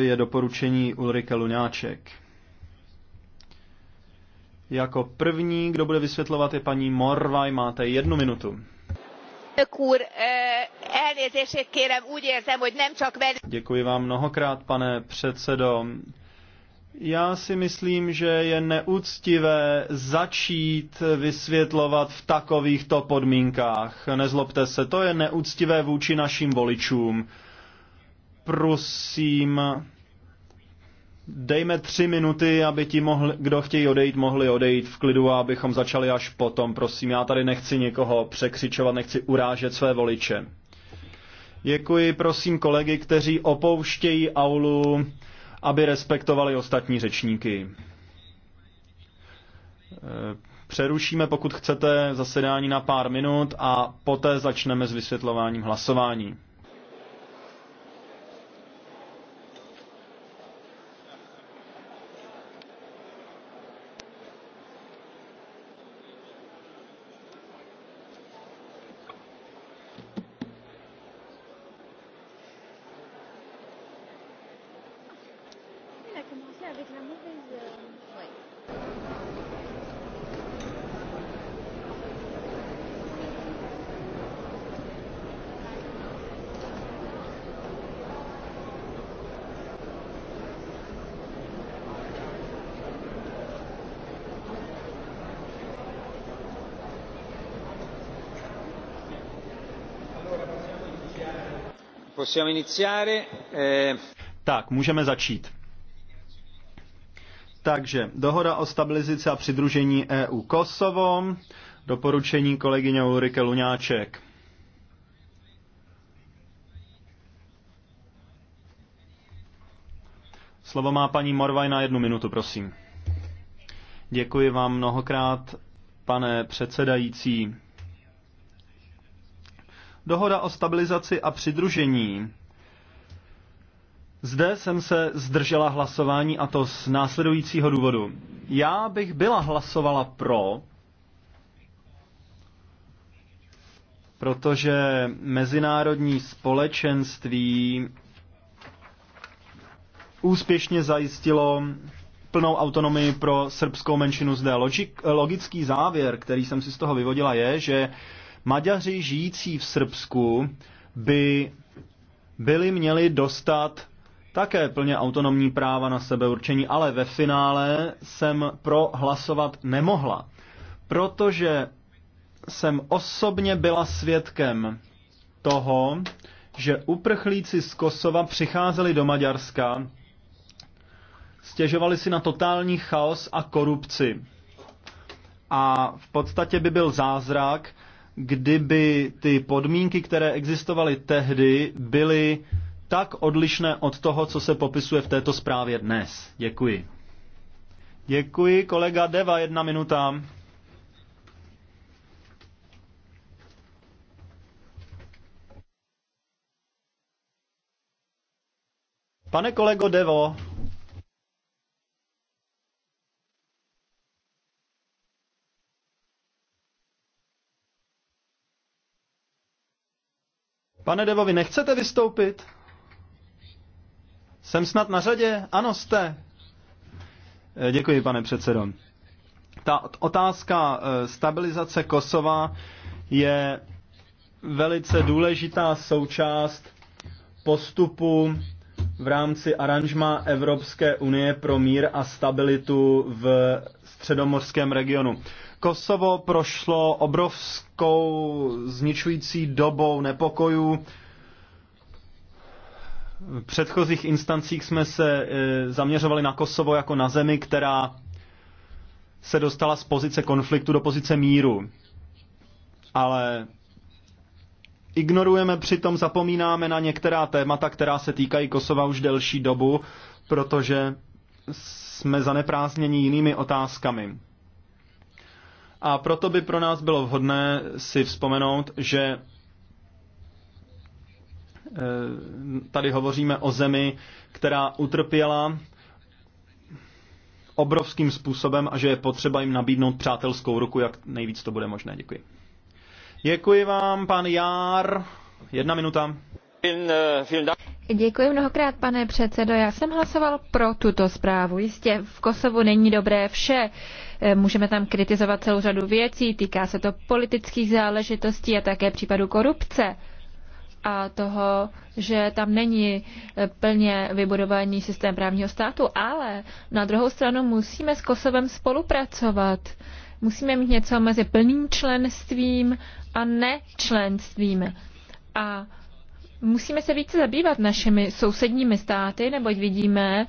je doporučení Ulrike Luňáček. Jako první, kdo bude vysvětlovat, je paní Morvaj. Máte jednu minutu. Děkuji vám mnohokrát, pane předsedo. Já si myslím, že je neúctivé začít vysvětlovat v takovýchto podmínkách. Nezlobte se, to je neúctivé vůči našim voličům prosím, dejme tři minuty, aby ti, mohli, kdo chtějí odejít, mohli odejít v klidu a abychom začali až potom. Prosím, já tady nechci někoho překřičovat, nechci urážet své voliče. Děkuji, prosím, kolegy, kteří opouštějí aulu, aby respektovali ostatní řečníky. Eh, přerušíme, pokud chcete, zasedání na pár minut a poté začneme s vysvětlováním hlasování. Eh, tak, můžeme začít. Takže dohoda o stabilizaci a přidružení EU Kosovo, doporučení kolegyně Ulrike Luňáček. Slovo má paní Morvaj na jednu minutu, prosím. Děkuji vám mnohokrát, pane předsedající. Dohoda o stabilizaci a přidružení. Zde jsem se zdržela hlasování a to z následujícího důvodu. Já bych byla hlasovala pro, protože mezinárodní společenství úspěšně zajistilo plnou autonomii pro srbskou menšinu zde. Logický závěr, který jsem si z toho vyvodila, je, že Maďaři žijící v Srbsku by byli měli dostat také plně autonomní práva na sebe určení, ale ve finále jsem pro hlasovat nemohla, protože jsem osobně byla svědkem toho, že uprchlíci z Kosova přicházeli do Maďarska, stěžovali si na totální chaos a korupci. A v podstatě by byl zázrak, kdyby ty podmínky, které existovaly tehdy, byly tak odlišné od toho, co se popisuje v této zprávě dnes. Děkuji. Děkuji, kolega Deva, jedna minuta. Pane kolego Devo, Pane vy nechcete vystoupit? Jsem snad na řadě? Ano, jste. Eh, děkuji, pane předsedo. Ta otázka eh, stabilizace Kosova je velice důležitá součást postupu v rámci aranžma Evropské unie pro mír a stabilitu v středomorském regionu. Kosovo prošlo obrovskou zničující dobou nepokojů. V předchozích instancích jsme se e, zaměřovali na Kosovo jako na zemi, která se dostala z pozice konfliktu do pozice míru. Ale ignorujeme přitom, zapomínáme na některá témata, která se týkají Kosova už delší dobu, protože jsme zaneprázdněni jinými otázkami. A proto by pro nás bylo vhodné si vzpomenout, že eh, tady hovoříme o zemi, která utrpěla obrovským způsobem a že je potřeba jim nabídnout přátelskou ruku, jak nejvíc to bude možné. Děkuji. Děkuji vám, pan Jár. Jedna minuta. Äh, Děkuji mnohokrát, pane předsedo. Já jsem hlasoval pro tuto zprávu. Jistě v Kosovu není dobré vše. Eh, můžeme tam kritizovat celou řadu věcí, týká se to politických záležitostí a také případu korupce a toho, že tam není eh, plně vybudovaný systém právního státu, ale na druhou stranu musíme s Kosovem spolupracovat. Musíme mít něco mezi plným členstvím a nečlenstvím. A Musíme se více zabývat našimi sousedními státy, neboť vidíme,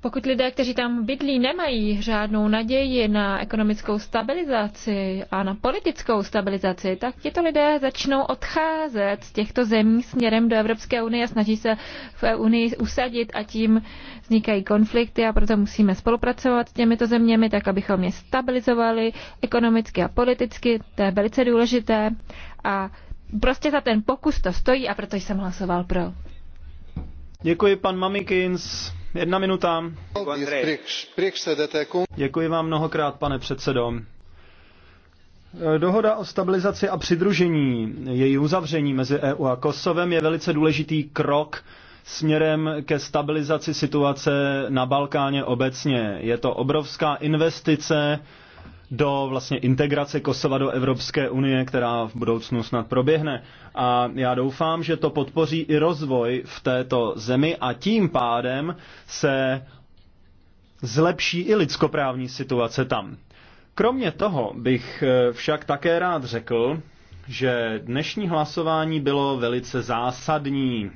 pokud lidé, kteří tam bydlí, nemají žádnou naději na ekonomickou stabilizaci a na politickou stabilizaci, tak tito lidé začnou odcházet z těchto zemí směrem do Evropské unie a snaží se v unii usadit a tím vznikají konflikty a proto musíme spolupracovat s těmito zeměmi, tak abychom je stabilizovali ekonomicky a politicky, to je velice důležité a prostě za ten pokus to stojí a proto jsem hlasoval pro. Děkuji, pan Mamikins. Jedna minuta. Děkuji vám mnohokrát, pane předsedo. Dohoda o stabilizaci a přidružení, její uzavření mezi EU a Kosovem je velice důležitý krok směrem ke stabilizaci situace na Balkáně obecně. Je to obrovská investice do vlastně integrace Kosova do Evropské unie, která v budoucnu snad proběhne. A já doufám, že to podpoří i rozvoj v této zemi a tím pádem se zlepší i lidskoprávní situace tam. Kromě toho bych eh, však také rád řekl, že dnešní hlasování bylo velice zásadní.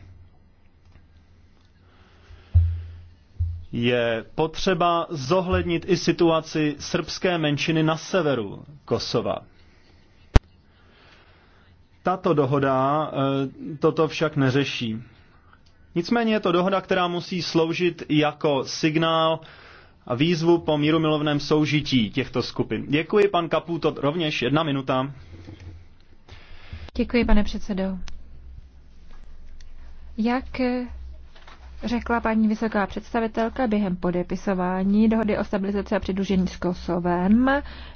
je potřeba zohlednit i situaci srbské menšiny na severu Kosova. Tato dohoda eh, toto však neřeší. Nicméně je to dohoda, která musí sloužit jako signál a výzvu po mírumilovném soužití těchto skupin. Děkuji, pan Kaputo, rovněž jedna minuta. Děkuji, pane předsedo. Jak řekla paní vysoká představitelka během podepisování dohody o stabilizaci a přidružení s Kosovem.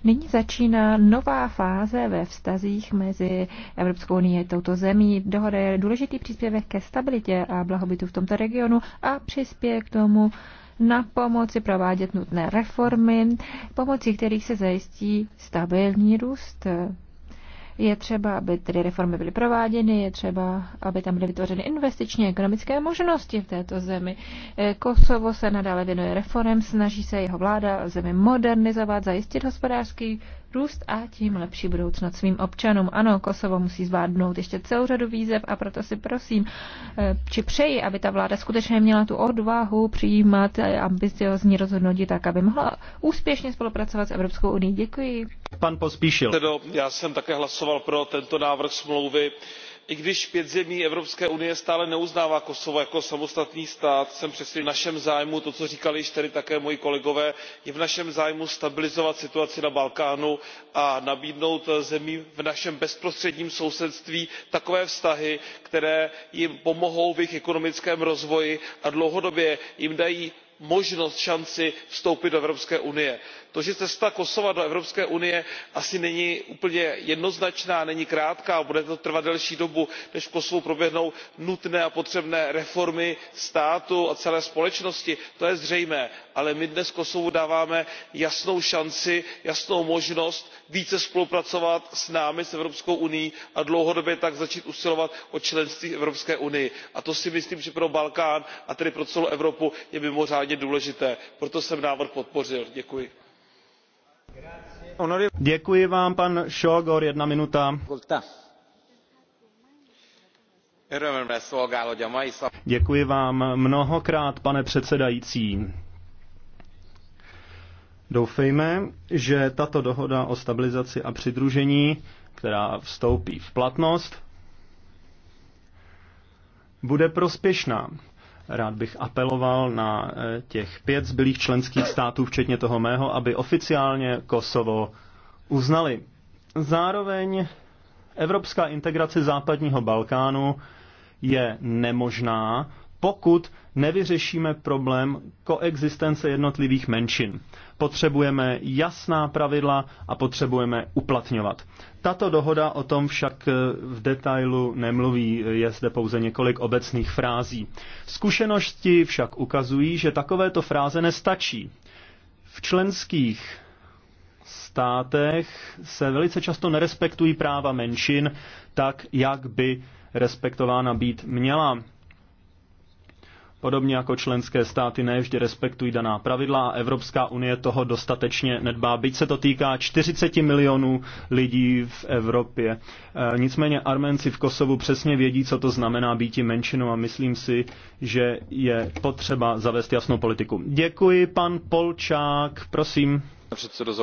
Nyní začíná nová fáze ve vztazích mezi Evropskou unii a touto zemí. Dohoda je důležitý příspěvek ke stabilitě a blahobytu v tomto regionu a přispěje k tomu na pomoci provádět nutné reformy, pomocí kterých se zajistí stabilní růst je třeba, aby tedy reformy byly prováděny, je třeba, aby tam byly vytvořeny investiční a ekonomické možnosti v této zemi. Eh, Kosovo se nadále věnuje reformem, snaží se jeho vláda zemi modernizovat, zajistit hospodářský růst a tím lepší budoucnost svým občanům. Ano, Kosovo musí zvládnout ještě celou řadu výzev a proto si prosím, eh, či přeji, aby ta vláda skutečně měla tu odvahu přijímat eh, ambiciozní rozhodnutí tak, aby mohla úspěšně spolupracovat s Evropskou unii. Děkuji. Pan Pospíšil. Já jsem také hlasoval pro tento návrh smlouvy i když pět zemí evropské unie stále neuznává kosovo jako samostatný stát jsem přesvědčen že je v našem zájmu to co říkali již tady také moji kolegové je v našem zájmu stabilizovat situaci na balkánu a nabídnout zemím v našem bezprostředním sousedství takové vztahy které jim pomohou v jejich ekonomickém rozvoji a dlouhodobě jim dají možnost šanci vstoupit do evropské unie to že cesta kosova do evropské unie asi není úplně jednoznačná není krátká a bude to trvat delší dobu než v kosovu proběhnou nutné a potřebné reformy státu a celé společnosti to je zřejmé ale my dnes kosovu dáváme jasnou šanci jasnou možnost více spolupracovat s námi s evropskou unií a dlouhodobě tak začít usilovat o členství v evropské unii a to si myslím že pro balkán a tedy pro celou evropu je mimořádně důležité proto jsem návrh podpořil. děkuji. Děkuji vám, pan Šogor, jedna minuta. Děkuji vám mnohokrát, pane předsedající. Doufejme, že tato dohoda o stabilizaci a přidružení, která vstoupí v platnost, bude prospěšná. Rád bych apeloval na eh, těch pět zbylých členských států, včetně toho mého, aby oficiálně Kosovo uznali. Zároveň evropská integrace západního Balkánu je nemožná, pokud nevyřešíme problém koexistence jednotlivých menšin. Potřebujeme jasná pravidla a potřebujeme uplatňovat. Tato dohoda o tom však eh, v detailu nemluví, je zde pouze několik obecných frází. Zkušenosti však ukazují, že takovéto fráze nestačí. V členských státech se velice často nerespektují práva menšin tak, jak by respektována být měla. Podobně jako členské státy nevždy respektují daná pravidla a Evropská unie toho dostatečně nedbá, byť se to týká 40 milionů lidí v Evropě. E, nicméně Arménci v Kosovu přesně vědí, co to znamená být menšinou a myslím si, že je potřeba zavést jasnou politiku. Děkuji, pan Polčák, prosím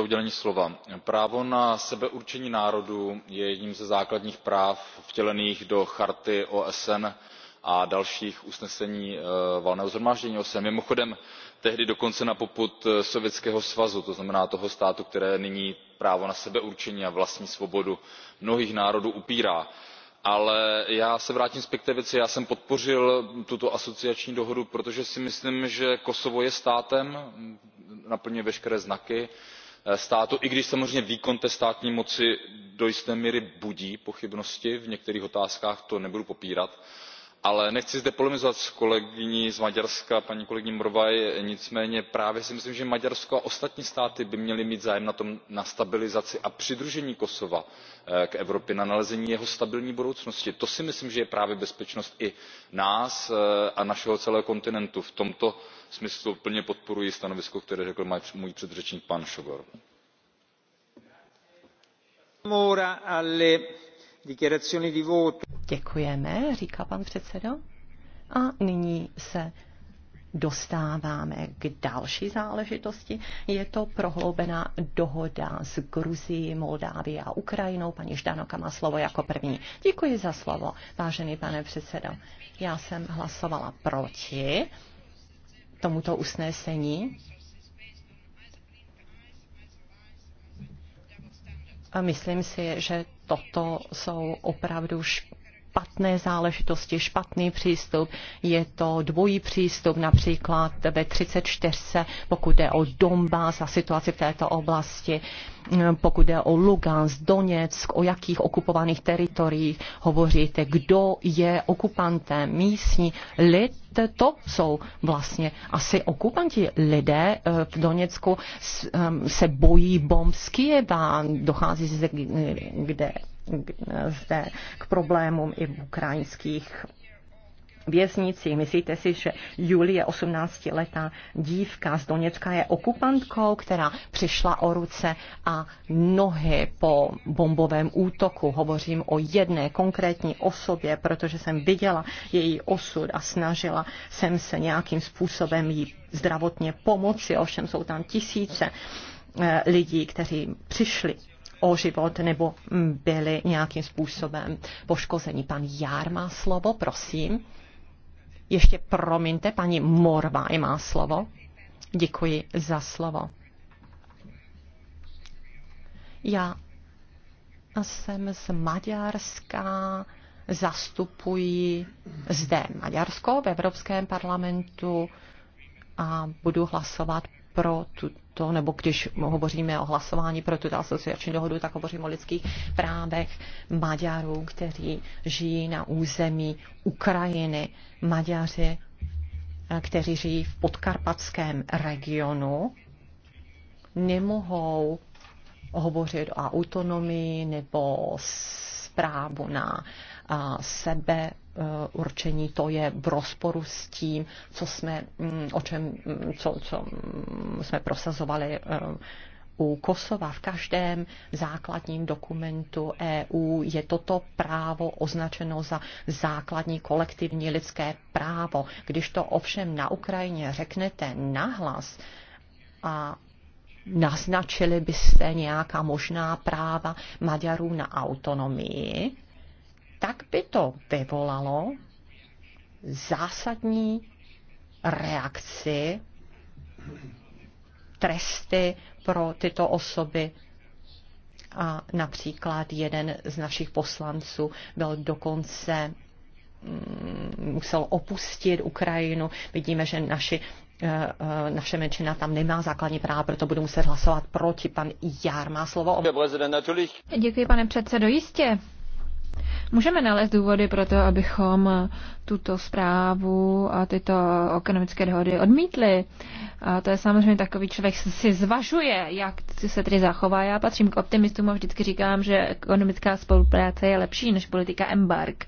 pane slova. právo na sebeurčení národů je jedním ze základních práv vtělených do charty osn a dalších usnesení eh, valného shromáždění osn mimochodem tehdy dokonce na popud eh, sovětského svazu to znamená toho státu který nyní právo na sebeurčení a vlastní svobodu mnohým národům upírá. ale já se vrátím zpět k té věci já jsem podpořil tuto asociační dohodu protože si myslím že kosovo je státem mm, naplňuje veškeré znaky eh, státu i když samozřejmě výkon té státní moci do jisté míry budí pochybnosti v některých otázkách to nebudu popírat ale nechci zde polemizovat s kolegyní z maďarska paní kolegyní morvaiovou nicméně právě si myslím že maďarsko a ostatní státy by měly mít zájem na stabilizaci a přidružení kosova eh, k evropě na nalezení jeho stabilní budoucnosti. to si myslím že je právě bezpečnost i nás eh, a našeho celého kontinentu. v tomto smyslu plně podporuji stanovisko které řekl můj předřečník pan sógor. Děkujeme, říká pan předseda. A nyní se dostáváme k další záležitosti. Je to prohloubená dohoda s Gruzií, Moldávií a Ukrajinou. Paní Ždanoka má slovo jako první. Děkuji za slovo, vážený pane předsedo. Já jsem hlasovala proti tomuto usnesení. A myslím si, že toto jsou opravdu špatné špatné záležitosti, špatný přístup, je to dvojí přístup například ve 34, pokud jde o Donbass a situaci v této oblasti pokud jde o Lugansk, Doněck, o jakých okupovaných teritoriích hovoříte, kdo je okupantem, místní lid, to jsou vlastně asi okupanti. Lidé eh, v Doněcku eh, se bojí bomb z Kyjeva, dochází zde kde zde k problémům i v ukrajinských věznici. Myslíte si, že Julie, 18-letá dívka z Doněcka, je okupantkou, která přišla o ruce a nohy po bombovém útoku. Hovořím o jedné konkrétní osobě, protože jsem viděla její osud a snažila jsem se nějakým způsobem jí zdravotně pomoci. Ovšem jsou tam tisíce eh, lidí, kteří přišli o život nebo byli nějakým způsobem poškozeni. Pan Jár má slovo, prosím. Ještě promiňte, paní Morva má slovo. Děkuji za slovo. Já jsem z Maďarska, zastupuji zde Maďarsko v Evropském parlamentu a budu hlasovat pro tuto to, nebo když hovoříme o hlasování pro tuto asociační dohodu, tak hovoříme o lidských právech Maďarů, kteří žijí na území Ukrajiny. Maďaři, eh, kteří žijí v podkarpatském regionu, nemohou hovořit o autonomii nebo právu na eh, sebe Eh, určení, to je v rozporu s tím, co jsme, mm, o čem, mm, co, co mm, jsme prosazovali eh, u Kosova v každém základním dokumentu EU je toto právo označeno za základní kolektivní lidské právo. Když to ovšem na Ukrajině řeknete nahlas a naznačili byste nějaká možná práva Maďarů na autonomii, tak by to vyvolalo zásadní reakci, tresty pro tyto osoby. A například jeden z našich poslanců byl dokonce mm, musel opustit Ukrajinu. Vidíme, že naši, eh, eh, naše menšina tam nemá základní práva, proto budu muset hlasovat proti. Pan Jár má slovo. Děkuji, pane předsedo. Jistě, Můžeme nalézt důvody pro to, abychom tuto zprávu a tyto ekonomické dohody odmítli. A to je samozřejmě takový člověk si zvažuje, jak se tedy zachová. Já patřím k optimistům a vždycky říkám, že ekonomická spolupráce je lepší než politika embark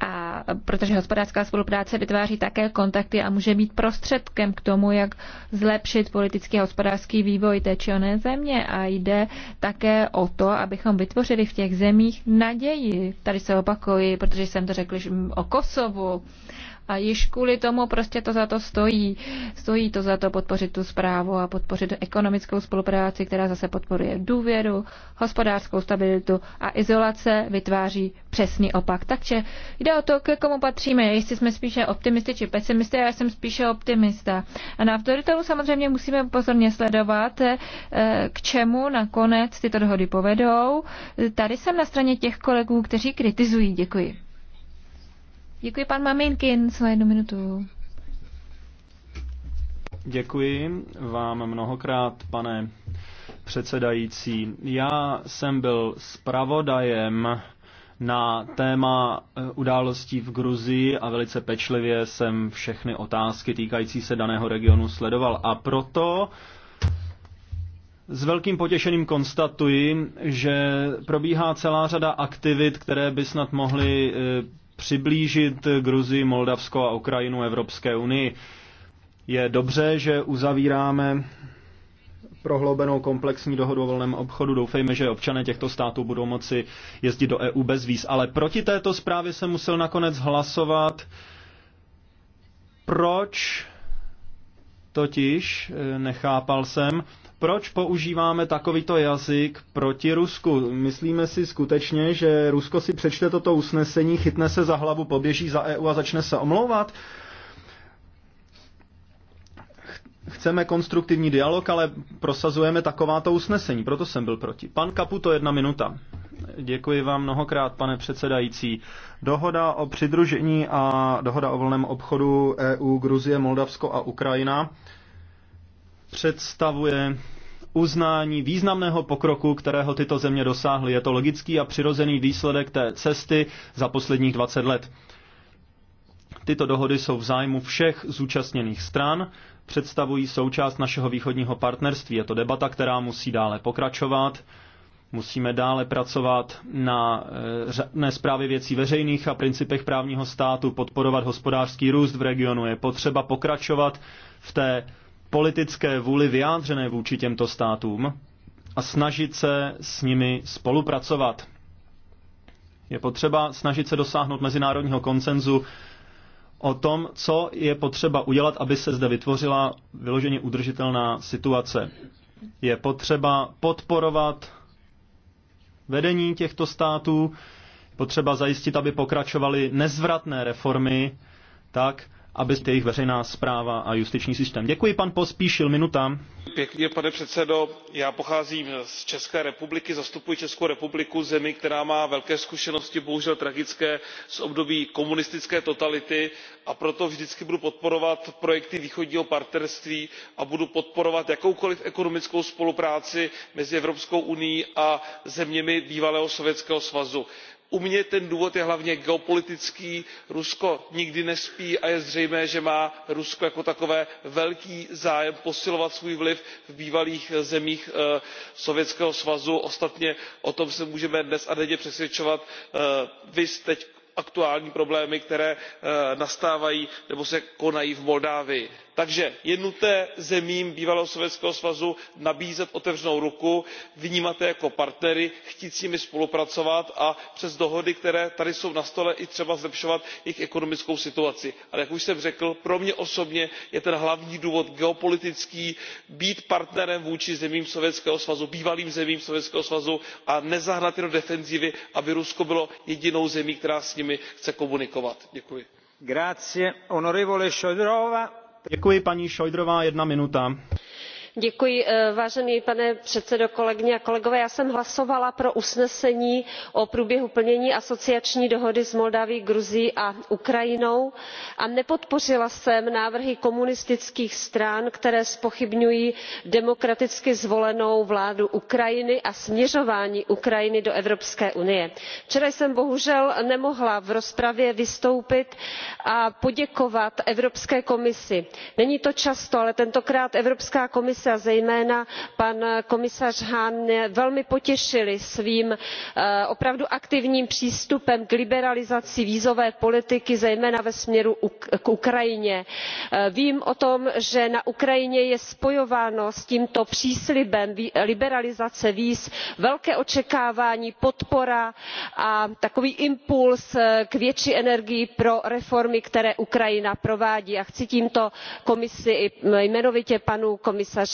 a protože hospodářská spolupráce vytváří také kontakty a může být prostředkem k tomu, jak zlepšit politický a hospodářský vývoj té či oné země. A jde také o to, abychom vytvořili v těch zemích naději. Tady se opakuji, protože jsem to řekl o Kosovu, a již kvůli tomu prostě to za to stojí. Stojí to za to podpořit tu zprávu a podpořit ekonomickou spolupráci, která zase podporuje důvěru, hospodářskou stabilitu a izolace vytváří přesný opak. Takže jde o to, k komu patříme, jestli jsme spíše optimisty či pesimisty, já jsem spíše optimista. A navzdory tomu samozřejmě musíme pozorně sledovat, eh, k čemu nakonec tyto dohody povedou. Tady jsem na straně těch kolegů, kteří kritizují. Děkuji. Děkuji pan Maminkin za jednu minutu. Děkuji vám mnohokrát, pane předsedající. Já jsem byl zpravodajem na téma eh, událostí v Gruzii a velice pečlivě jsem všechny otázky týkající se daného regionu sledoval. A proto s velkým potěšením konstatuji, že probíhá celá řada aktivit, které by snad mohly eh, přiblížit Gruzi, Moldavsko a Ukrajinu Evropské unii. Je dobře, že uzavíráme prohloubenou komplexní dohodu o volném obchodu. Doufejme, že občané těchto států budou moci jezdit do EU bez víz. Ale proti této zprávě se musel nakonec hlasovat. Proč? Totiž eh, nechápal jsem, proč používáme takovýto jazyk proti Rusku? Myslíme si skutečně, že Rusko si přečte toto usnesení, chytne se za hlavu, poběží za EU a začne se omlouvat? Chceme konstruktivní dialog, ale prosazujeme takováto usnesení, proto jsem byl proti. Pan Kaputo, jedna minuta. Děkuji vám mnohokrát, pane předsedající. Dohoda o přidružení a dohoda o volném obchodu EU, Gruzie, Moldavsko a Ukrajina představuje uznání významného pokroku, kterého tyto země dosáhly. Je to logický a přirozený výsledek té cesty za posledních 20 let. Tyto dohody jsou v zájmu všech zúčastněných stran, představují součást našeho východního partnerství. Je to debata, která musí dále pokračovat. Musíme dále pracovat na eh, řádné věcí veřejných a principech právního státu, podporovat hospodářský růst v regionu. Je potřeba pokračovat v té politické vůli vyjádřené vůči těmto státům a snažit se s nimi spolupracovat. Je potřeba snažit se dosáhnout mezinárodního konsenzu o tom, co je potřeba udělat, aby se zde vytvořila vyloženě udržitelná situace. Je potřeba podporovat vedení těchto států, potřeba zajistit, aby pokračovaly nezvratné reformy, tak, abyste jejich veřejná zpráva a justiční systém. Děkuji, pan Pospíšil, minuta. Pěkně, pane předsedo. Já pocházím z České republiky, zastupuji Českou republiku, zemi, která má velké zkušenosti, bohužel tragické, z období komunistické totality a proto vždycky budu podporovat projekty východního partnerství a budu podporovat jakoukoliv ekonomickou spolupráci mezi Evropskou unií a zeměmi bývalého Sovětského svazu u mě ten důvod je hlavně geopolitický rusko nikdy nespí a je zřejmé že má rusko jako takové velký zájem posilovat svůj vliv v bývalých zemích eh, sovětského svazu ostatně o tom se můžeme dnes a denně přesvědčovat eh, viz teď aktuální problémy které eh, nastávají nebo se konají v moldavsku. takže je nutné zemím bývalého sovětského svazu nabízet otevřenou ruku vnímat je jako partnery chtít s nimi spolupracovat a přes dohody které tady jsou na stole i třeba zlepšovat jejich ekonomickou situaci. ale jak už jsem řekl pro mě osobně je ten hlavní důvod geopolitický být partnerem vůči zemím sovětského svazu bývalým zemím sovětského svazu a nezahnat je do defenzívy aby rusko bylo jedinou zemí která nimi chce komunikovat. děkuji. Děkuji, paní Šojdrová, jedna minuta. Eh, pane předsedající já jsem hlasovala pro usnesení o průběhu plnění asociační dohody s moldavskem gruzií a ukrajinou a nepodpořila jsem návrhy komunistických stran které zpochybňují demokraticky zvolenou vládu ukrajiny a směřování ukrajiny do evropské unie. včera jsem bohužel nemohla v rozpravě vystoupit a poděkovat evropské komisi. není to často ale tentokrát evropská komise komise a zejména pan komisař hahn mě velmi potěšili svým eh, opravdu aktivním přístupem k liberalizaci vízové politiky zejména ve směru k ukrajině. Eh, vím o tom že na ukrajině je spojováno s tímto příslibem liberalizace víz velké očekávání podpora a takový impuls eh, k větší energii pro reformy které ukrajina provádí a chci tímto komisi i jmenovitě panu komisaři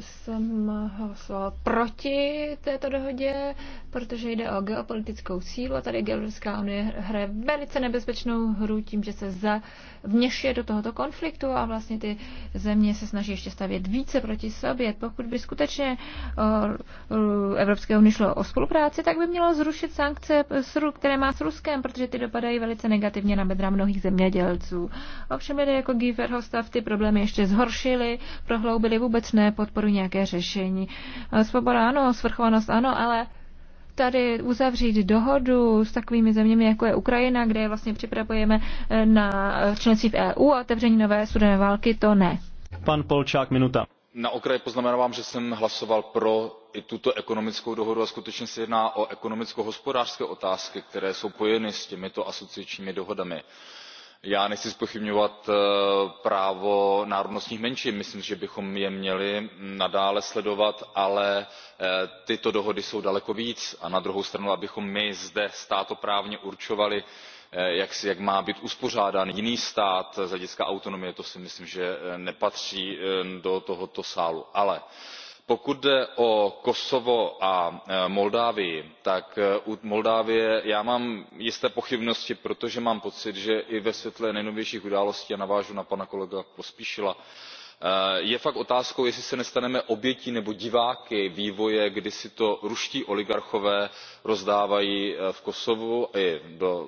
jsem hlasoval proti této dohodě, protože jde o geopolitickou sílu a tady Geologická unie hraje velice nebezpečnou hru tím, že se vněšuje do tohoto konfliktu a vlastně ty země se snaží ještě stavět více proti sobě. Pokud by skutečně Evropské unie šlo o spolupráci, tak by mělo zrušit sankce, které má s Ruskem, protože ty dopadají velice negativně na bedra mnohých zemědělců. Ovšem lidé jako Giverhostav, ty problémy ještě zhoršili, prohloubili vůbec ne podporu nějaké řešení. Eh, Svoboda ano, svrchovanost ano, ale tady uzavřít dohodu s takovými zeměmi, jako je Ukrajina, kde vlastně připravujeme eh, na členství v EU a otevření nové studené války, to ne. Pan Polčák, minuta. Na okraj poznamenávám, že jsem hlasoval pro i tuto ekonomickou dohodu a skutečně se jedná o ekonomicko hospodářské otázky které jsou pojeny s těmito asociačními dohodami já nechci zpochybňovat eh, právo národnostních menšin myslím že bychom je měli nadále sledovat ale eh, tyto dohody jsou daleko víc a na druhou stranu abychom my zde státoprávně určovali eh, jak má být uspořádán jiný stát z hlediska autonomie to si myslím že nepatří do tohoto sálu. ale pokud jde o kosovo a e, moldavsko tak e, u moldavska mám jisté pochybnosti protože mám pocit že i ve světle nejnovějších událostí a navážu na pana kolegu pospíšila e, je fakt otázkou jestli se nestaneme obětí nebo diváky vývoje kdy si to ruští oligarchové rozdávají v kosovu i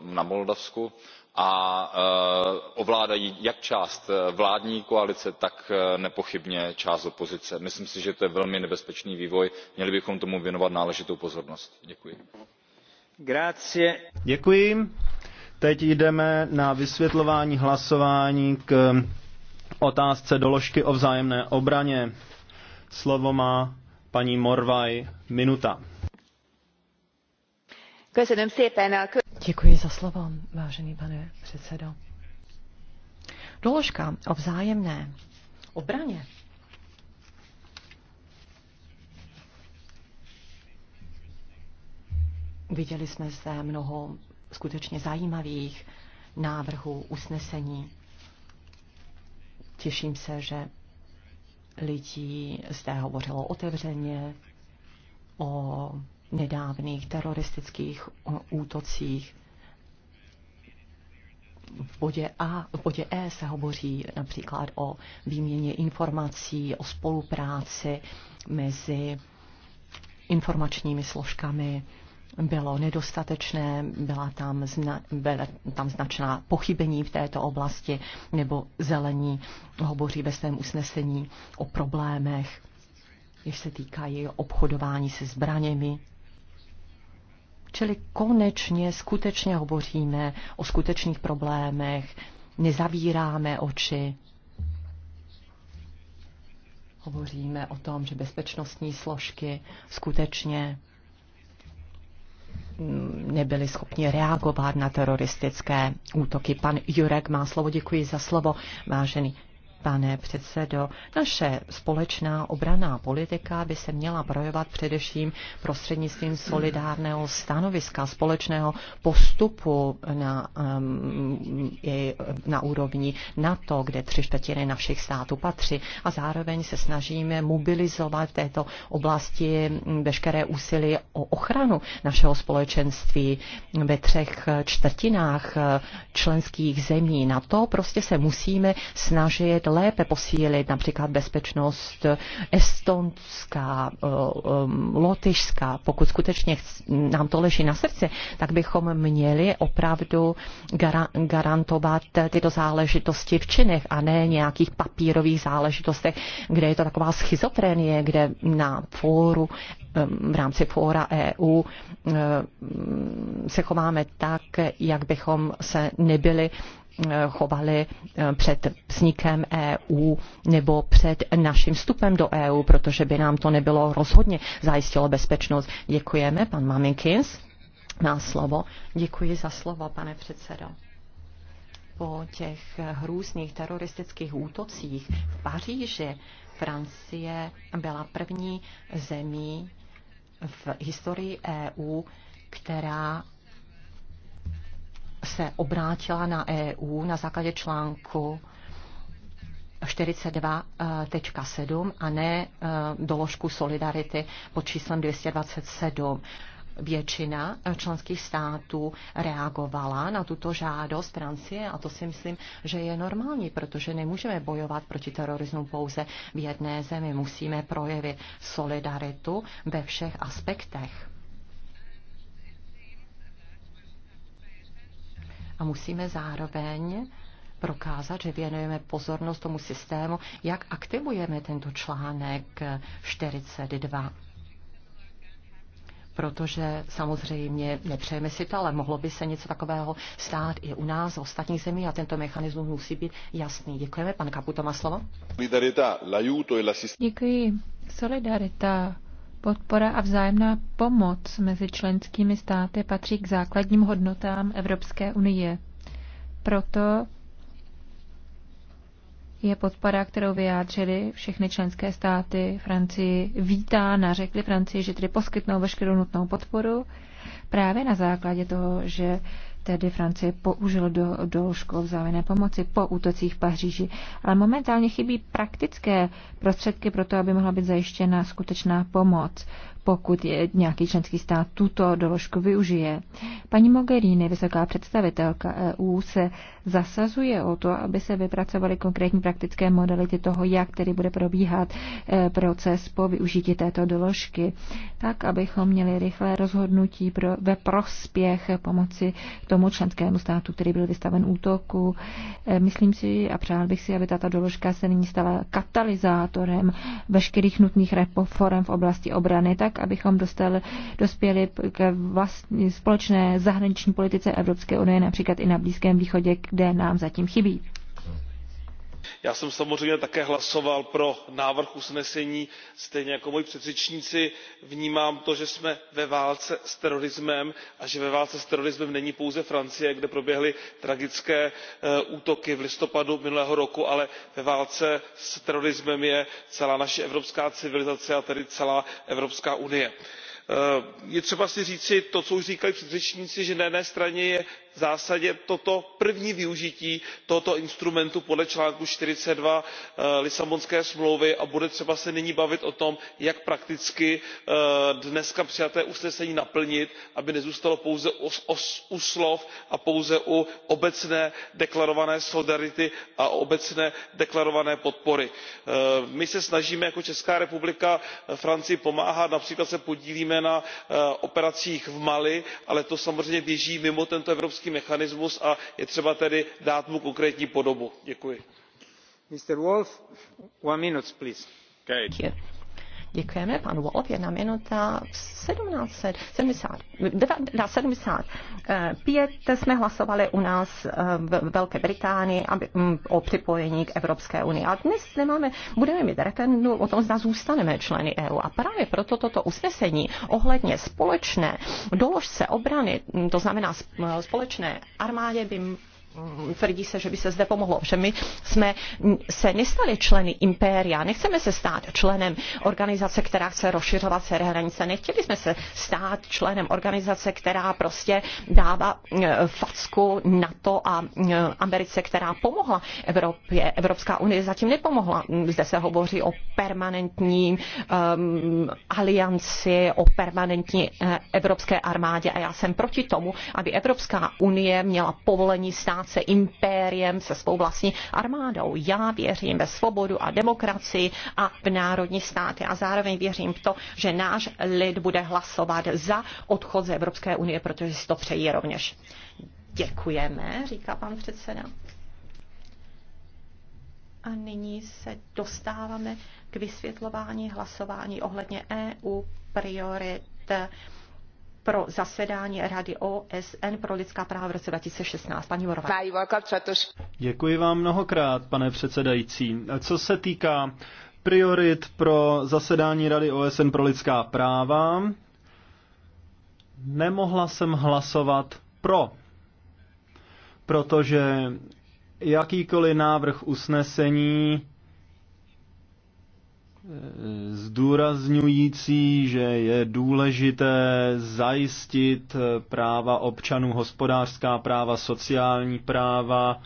na moldavsku a ovládají jak část eh, vládní koalice tak eh, nepochybně část opozice. myslím si že to je velmi nebezpečný vývoj měli bychom tomu věnovat náležitou pozornost. děkuji. děkuji. teď jdeme na vysvětlování hlasování k eh, otázce doložky o vzájemné obraně. slovo má paní morvai minuta. Děkuji za slovo, vážený pane předsedo doložka o vzájemné obraně Viděli jsme zde mnoho skutečně zajímavých návrhů, usnesení. Těším se, že lidí zde hovořilo otevřeně o nedávných teroristických útocích v bodě A, v bodě E se hovoří například o výměně informací, o spolupráci mezi informačními složkami bylo nedostatečné, byla tam, zna, byla tam značná pochybení v této oblasti, nebo zelení hovoří ve svém usnesení o problémech, jež se týkají obchodování se zbraněmi, Čili konečně skutečně hovoříme o skutečných problémech, nezavíráme oči. Hovoříme o tom, že bezpečnostní složky skutečně mm, nebyli schopni reagovat na teroristické útoky. Pan Jurek má slovo, děkuji za slovo, vážený pane předsedo. Naše společná obraná politika by se měla projevovat především prostřednictvím solidárného stanoviska, společného postupu na, um, na úrovni NATO, kde tři čtvrtiny našich států patří. A zároveň se snažíme mobilizovat v této oblasti veškeré úsilí o ochranu našeho společenství ve třech čtvrtinách členských zemí NATO. Prostě se musíme snažit lépe posílit například bezpečnost estonská, eh, eh, lotyšská. Pokud skutečně nám to leží na srdci, tak bychom měli opravdu garantovat tyto záležitosti v činech a ne nějakých papírových záležitostech, kde je to taková schizofrenie, kde na fóru eh, v rámci fóra EU se chováme tak, jak bychom se nebyli chovali eh, před vznikem EU nebo před naším vstupem do EU, protože by nám to nebylo rozhodně zajistilo bezpečnost. Děkujeme, pan Maminkins. Má slovo. Děkuji za slovo, pane předsedo po těch hrůzných teroristických útocích v Paříži Francie byla první zemí v historii EU, která se obrátila na EU na základě článku 42.7 a ne e, doložku solidarity pod číslem 227 většina e, členských států reagovala na tuto žádost Francie a to si myslím, že je normální, protože nemůžeme bojovat proti terorismu pouze v jedné zemi. Musíme projevit solidaritu ve všech aspektech. a musíme zároveň prokázat, že věnujeme pozornost tomu systému, jak aktivujeme tento článek 42 protože samozřejmě nepřejeme si to, ale mohlo by se něco takového stát i u nás, v ostatních zemí a tento mechanismus musí být jasný. Děkujeme, pan Kaputo má slovo. E Děkuji. Solidarita Podpora a vzájemná pomoc mezi členskými státy patří k základním hodnotám Evropské unie. Proto je podpora, kterou vyjádřili všechny členské státy Francii vítána. Řekli Francii, že tedy poskytnou veškerou nutnou podporu právě na základě toho, že tedy Francie použil do, do škol vzájemné pomoci po útocích v Paříži. Ale momentálně chybí praktické prostředky pro to, aby mohla být zajištěna skutečná pomoc pokud je nějaký členský stát tuto doložku využije. Paní Mogherini, vysoká představitelka EU, se zasazuje o to, aby se vypracovaly konkrétní praktické modality toho, jak tedy bude probíhat e, proces po využití této doložky, tak abychom měli rychlé rozhodnutí pro, ve prospěch pomoci tomu členskému státu, který byl vystaven útoku. E, myslím si a přál bych si, aby tato doložka se nyní stala katalyzátorem veškerých nutných reform v oblasti obrany, tak tak, abychom dostali, dospěli k vlastní společné zahraniční politice Evropské unie, například i na Blízkém východě, kde nám zatím chybí já jsem samozřejmě také hlasoval pro návrh usnesení stejně jako moji předřečníci. vnímám to že jsme ve válce s terorismem a že ve válce s terorismem není pouze francie kde proběhly tragické eh, útoky v listopadu minulého roku ale ve válce s terorismem je celá naše evropská civilizace a tedy celá evropská unie. Eh, je třeba si říci to co už říkali předřečníci že na jedné straně je v zásadě toto první využití tohoto instrumentu podle článku forty two eh, lisabonské smlouvy a bude třeba se nyní bavit o tom jak prakticky eh, dnes přijaté usnesení naplnit aby nezůstalo pouze u slov a pouze u obecně deklarované solidarity a obecně deklarované podpory. Eh, my se snažíme jako česká republika francii pomáhat například se podílíme na operacích v mali ale to samozřejmě běží mimo tento evropský mechanismus a je třeba tedy dát mu konkrétní podobu. děkuji. Děkujeme panu Wolf, jedna minuta. 1770, 75 jsme hlasovali u nás eh, v Velké Británii aby, mm, o připojení k Evropské unii. A dnes nemáme, budeme mít referendum o tom, zda zůstaneme členy EU. A právě proto toto usnesení ohledně společné doložce obrany, mm, to znamená společné armádě by tvrdí se, že by se zde pomohlo. Že my jsme se nestali členy impéria, nechceme se stát členem organizace, která chce rozšiřovat své hranice, nechtěli jsme se stát členem organizace, která prostě dává eh, facku NATO a eh, Americe, která pomohla Evropě. Evropská unie zatím nepomohla. Zde se hovoří o permanentní um, alianci, o permanentní uh, evropské armádě a já jsem proti tomu, aby Evropská unie měla povolení stát práce se impériem, se svou vlastní armádou. Já věřím ve svobodu a demokracii a v národní státy a zároveň věřím v to, že náš lid bude hlasovat za odchod z Evropské unie, protože si to přejí rovněž. Děkujeme, říká pan předseda. A nyní se dostáváme k vysvětlování hlasování ohledně EU priorit pro zasedání Rady OSN pro lidská práva v roce 2016. Paní Morová. Děkuji vám mnohokrát, pane předsedající. Co se týká priorit pro zasedání Rady OSN pro lidská práva, nemohla jsem hlasovat pro, protože jakýkoliv návrh usnesení Eh, zdůrazňující, že je důležité zajistit eh, práva občanů, hospodářská práva, sociální práva,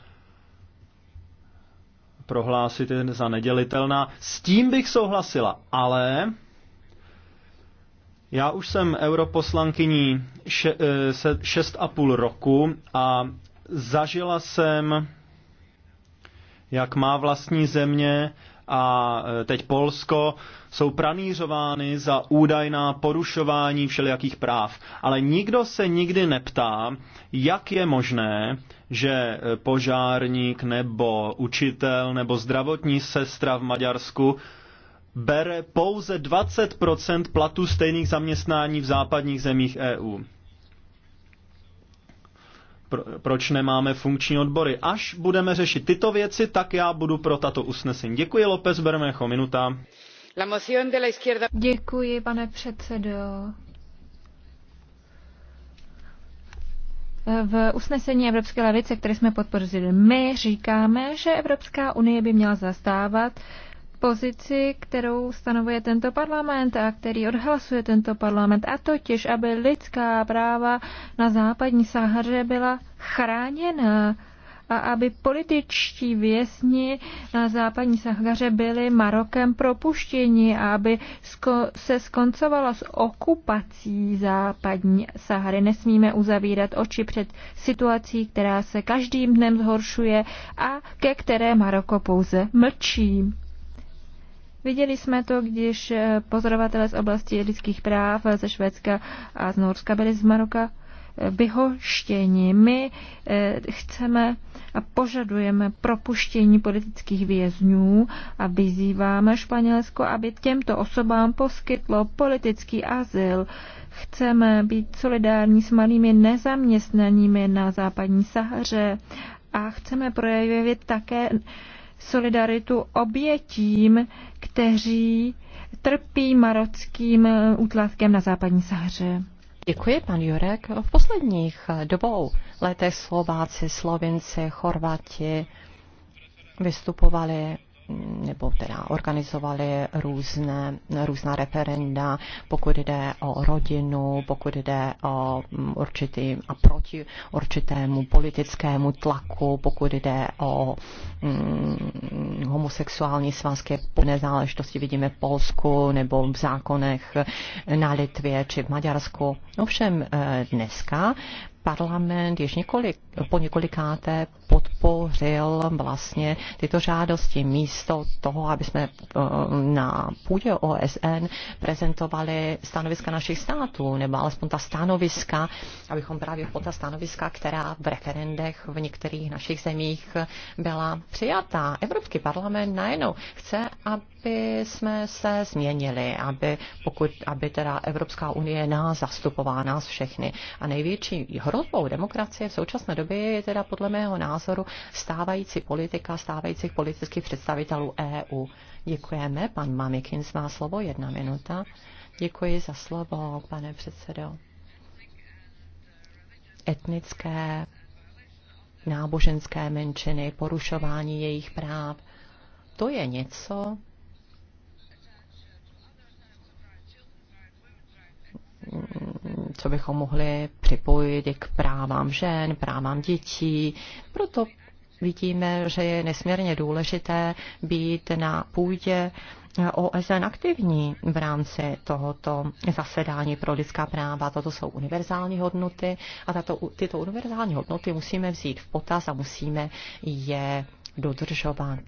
prohlásit je za nedělitelná. S tím bych souhlasila, ale já už jsem europoslankyní še, eh, šest a půl roku a zažila jsem, jak má vlastní země a e, teď Polsko jsou pranířovány za údajná porušování všelijakých práv. Ale nikdo se nikdy neptá, jak je možné, že e, požárník nebo učitel nebo zdravotní sestra v Maďarsku bere pouze 20 platu stejných zaměstnání v západních zemích EU. Pro, proč nemáme funkční odbory? Až budeme řešit tyto věci, tak já budu pro tato usnesení. Děkuji, López Bermejo, minuta. Děkuji, pane předsedo. V usnesení Evropské levice, které jsme podpořili my, říkáme, že Evropská unie by měla zastávat pozici, kterou stanovuje tento parlament a který odhlasuje tento parlament, a totiž, aby lidská práva na západní Sahaře byla chráněna a aby političtí vězni na západní Sahaře byli Marokem propuštěni a aby se skoncovalo s okupací západní Sahary. Nesmíme uzavírat oči před situací, která se každým dnem zhoršuje a ke které Maroko pouze mlčí. Viděli jsme to, když eh, pozorovatelé z oblasti lidských práv eh, ze Švédska a z Norska byli z Maroka eh, vyhoštěni. My chceme a požadujeme propuštění politických vězňů a vyzýváme Španělsko, aby těmto osobám poskytlo politický azyl. Chceme být solidární s malými nezaměstnanými na západní Sahaře a chceme projevit také solidaritu obětím, kteří trpí marockým eh, útlakem na západní Sahře. Děkuji, pan Jurek. V posledních eh, dobou letech Slováci, Slovinci, Chorvati vystupovali nebo teda organizovali různé, různá referenda, pokud jde o rodinu, pokud jde o mm, určitý a proti určitému politickému tlaku, pokud jde o mm, homosexuální svazky, po nezáležitosti, vidíme v Polsku nebo v zákonech na Litvě či v Maďarsku. Ovšem eh, dneska parlament již několik, po několikáté podpořil vlastně tyto žádosti místo toho, aby jsme eh, na půdě OSN prezentovali stanoviska našich států, nebo alespoň ta stanoviska, abychom právě po ta stanoviska, která v referendech v některých našich zemích byla přijatá. Evropský parlament najednou chce, aby jsme se změnili, aby, pokud, aby teda Evropská unie nás zastupovala, nás všechny. A největší hrozbou demokracie v současné době je teda podle mého názoru názoru stávající politika, stávajících politických představitelů EU. Děkujeme. Pan Mamikins má slovo, jedna minuta. Děkuji za slovo, pane předsedo. Etnické, náboženské menšiny, porušování jejich práv, to je něco, co bychom mohli připojit k právám žen, právám dětí. Proto vidíme, že je nesmírně důležité být na půdě OSN aktivní v rámci tohoto zasedání pro lidská práva. Toto jsou univerzální hodnoty a tato, tyto univerzální hodnoty musíme vzít v potaz a musíme je dodržovat.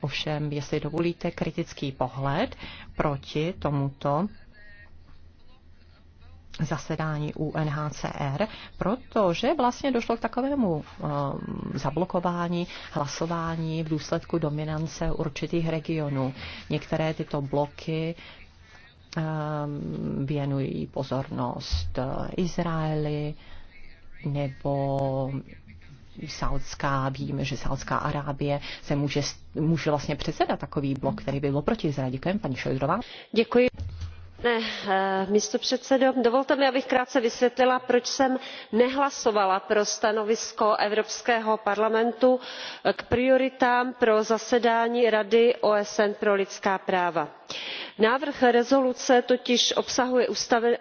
Ovšem, jestli dovolíte kritický pohled proti tomuto zasedání UNHCR, protože vlastně došlo k takovému eh, zablokování hlasování v důsledku dominance určitých regionů. Některé tyto bloky um, věnují pozornost eh, Izraeli nebo Saudská, víme, že Saudská Arábie se může, může vlastně předsedat takový blok, který by byl proti Izraeli. Děkujeme, paní Šojdrová. Děkuji pane eh, předsedající dovolte mi abych krátce vysvětlila proč jsem nehlasovala pro stanovisko evropského parlamentu k prioritám pro zasedání rady osn pro lidská práva návrh rezoluce totiž obsahuje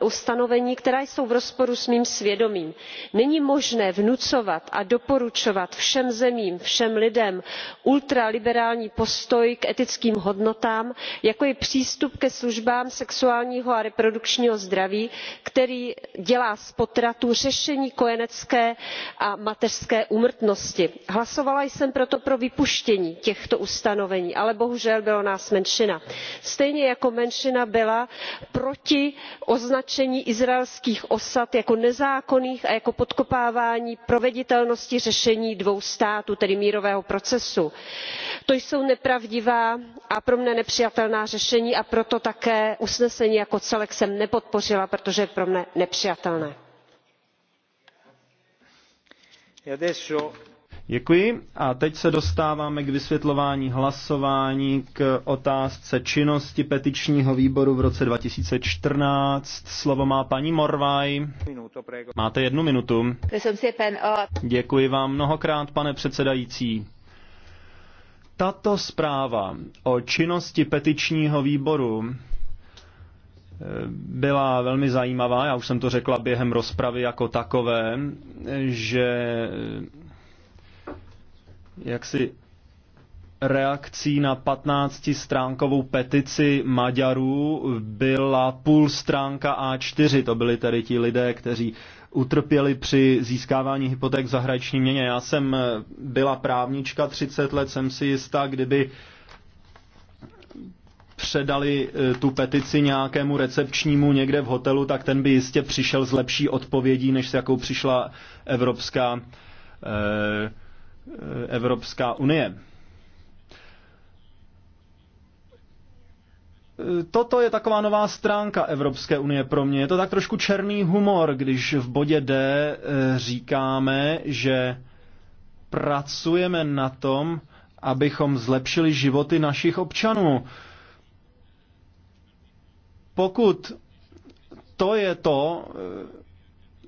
ustanovení která jsou v rozporu s mým svědomím. není možné vnucovat a doporučovat všem zemím všem lidem ultraliberální postoj k etickým hodnotám jako je přístup ke službám sexuálního a reprodukčního zdraví který dělá z potratů řešení kojenecké a mateřské úmrtnosti. hlasovala jsem proto pro vypuštění těchto ustanovení ale bohužel byla nás menšina. stejně jako jako menšina byla proti označení izraelských osad jako nezákonných a jako podkopávání proveditelnosti řešení dvou států tedy mírového procesu. to jsou nepravdivá a pro mne nepřijatelná řešení a proto také usnesení jako celek jsem nepodpořila protože je pro mne nepřijatelné. E Děkuji. A teď se dostáváme k vysvětlování hlasování k otázce činnosti petičního výboru v roce 2014. Slovo má paní Morvaj. Máte jednu minutu. Děkuji vám mnohokrát, pane předsedající. Tato zpráva o činnosti petičního výboru eh, byla velmi zajímavá, já už jsem to řekla během rozpravy jako takové, že jaksi reakcí na 15-stránkovou petici Maďarů byla půl stránka A4. To byli tedy ti lidé, kteří utrpěli při získávání hypoték v zahraniční měně. Já jsem eh, byla právnička 30 let, jsem si jistá, kdyby předali eh, tu petici nějakému recepčnímu někde v hotelu, tak ten by jistě přišel s lepší odpovědí, než s jakou přišla Evropská eh, Eh, Evropská unie. Eh, toto je taková nová stránka Evropské unie pro mě. Je to tak trošku černý humor, když v bodě D eh, říkáme, že pracujeme na tom, abychom zlepšili životy našich občanů. Pokud to je to,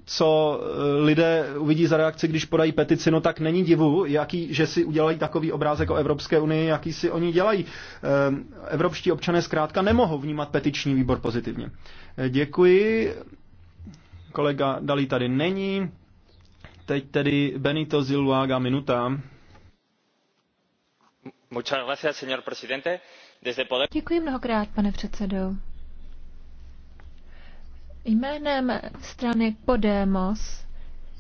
co eh, lidé uvidí za reakci, když podají petici, no tak není divu, jaký, že si udělají takový obrázek o Evropské unii, jaký si oni dělají. Eh, evropští občané zkrátka nemohou vnímat petiční výbor pozitivně. Eh, děkuji. Kolega Dalí tady není. Teď tedy Benito Ziluaga minuta. Děkuji mnohokrát, pane předsedo. Jménem strany Podemos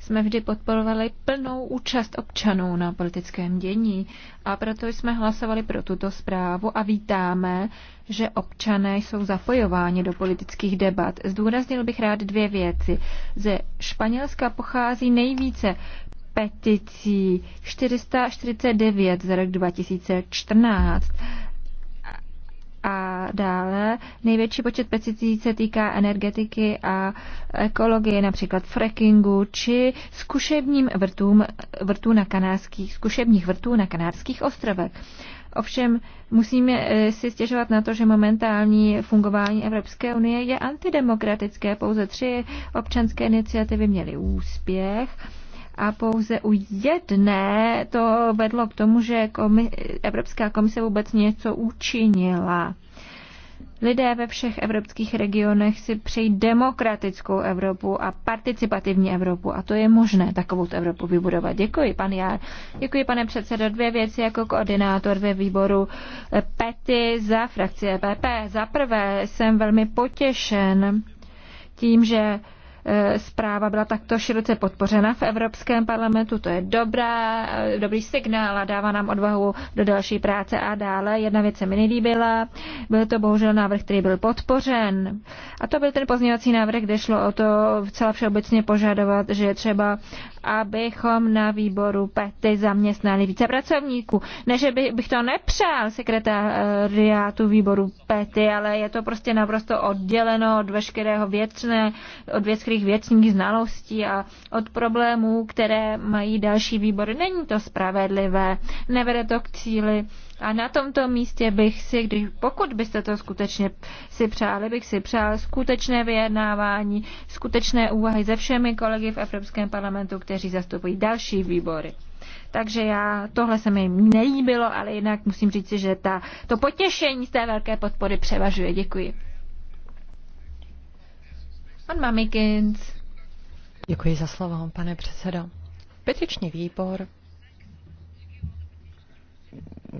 jsme vždy podporovali plnou účast občanů na politickém dění a proto jsme hlasovali pro tuto zprávu a vítáme, že občané jsou zapojováni do politických debat. Zdůraznil bych rád dvě věci. Ze Španělska pochází nejvíce peticí 449 za rok 2014. A dále největší počet pesticidů se týká energetiky a ekologie, například frackingu či zkušebním vrtům, vrtů na kanářských, zkušebních vrtů na kanárských ostrovech. Ovšem musíme eh, si stěžovat na to, že momentální fungování Evropské unie je antidemokratické. Pouze tři občanské iniciativy měly úspěch a pouze u jedné to vedlo k tomu, že komi- Evropská komise vůbec něco učinila. Lidé ve všech evropských regionech si přejí demokratickou Evropu a participativní Evropu a to je možné takovou Evropu vybudovat. Děkuji, pan Jár. Děkuji, pane předsedo. Dvě věci jako koordinátor ve výboru PETY za frakci EPP. Za prvé jsem velmi potěšen tím, že E, zpráva byla takto široce podpořena v Evropském parlamentu. To je dobrá, e, dobrý signál a dává nám odvahu do další práce a dále. Jedna věc se mi nelíbila, byl to bohužel návrh, který byl podpořen. A to byl ten pozměňovací návrh, kde šlo o to celá všeobecně požadovat, že je třeba abychom na výboru PETY zaměstnali více pracovníků. Ne, že by, bych to nepřál sekretariátu výboru PETY, ale je to prostě naprosto odděleno od veškerého věcné, od veškerých věcných znalostí a od problémů, které mají další výbory. Není to spravedlivé, nevede to k cíli a na tomto místě bych si, když, pokud byste to skutečně si přáli, bych si přál skutečné vyjednávání, skutečné úvahy se všemi kolegy v Evropském parlamentu, kteří zastupují další výbory. Takže já, tohle se mi nelíbilo, ale jinak musím říct, že ta, to potěšení z té velké podpory převažuje. Děkuji. Pan Mamikins. Děkuji za slovo, pane předsedo. Petiční výbor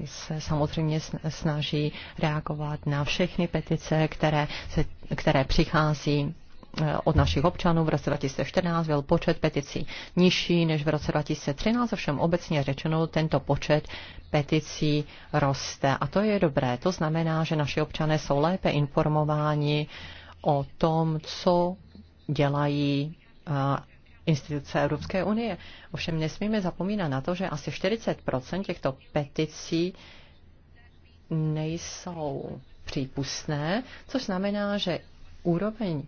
se samozřejmě snaží reagovat na všechny petice, které, se, které přichází eh, od našich občanů. V roce 2014 byl počet peticí nižší než v roce 2013, ovšem obecně řečeno tento počet peticí roste. A to je dobré. To znamená, že naši občané jsou lépe informováni o tom, co dělají eh, instituce Evropské unie. Ovšem nesmíme zapomínat na to, že asi 40 těchto peticí nejsou přípustné, což znamená, že úroveň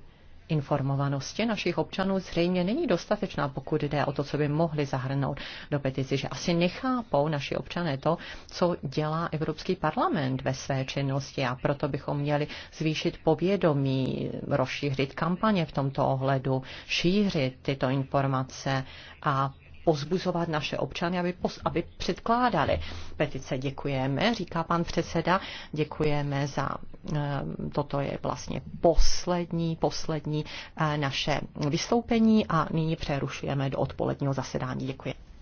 informovanosti našich občanů zřejmě není dostatečná, pokud jde o to, co by mohli zahrnout do petici, že asi nechápou naši občané to, co dělá Evropský parlament ve své činnosti a proto bychom měli zvýšit povědomí, rozšířit kampaně v tomto ohledu, šířit tyto informace a pozbuzovat naše občany, aby, pos, aby předkládali petice. Děkujeme, říká pan předseda, děkujeme za, eh, toto je vlastně poslední, poslední eh, naše vystoupení a nyní přerušujeme do odpoledního zasedání. Děkuji.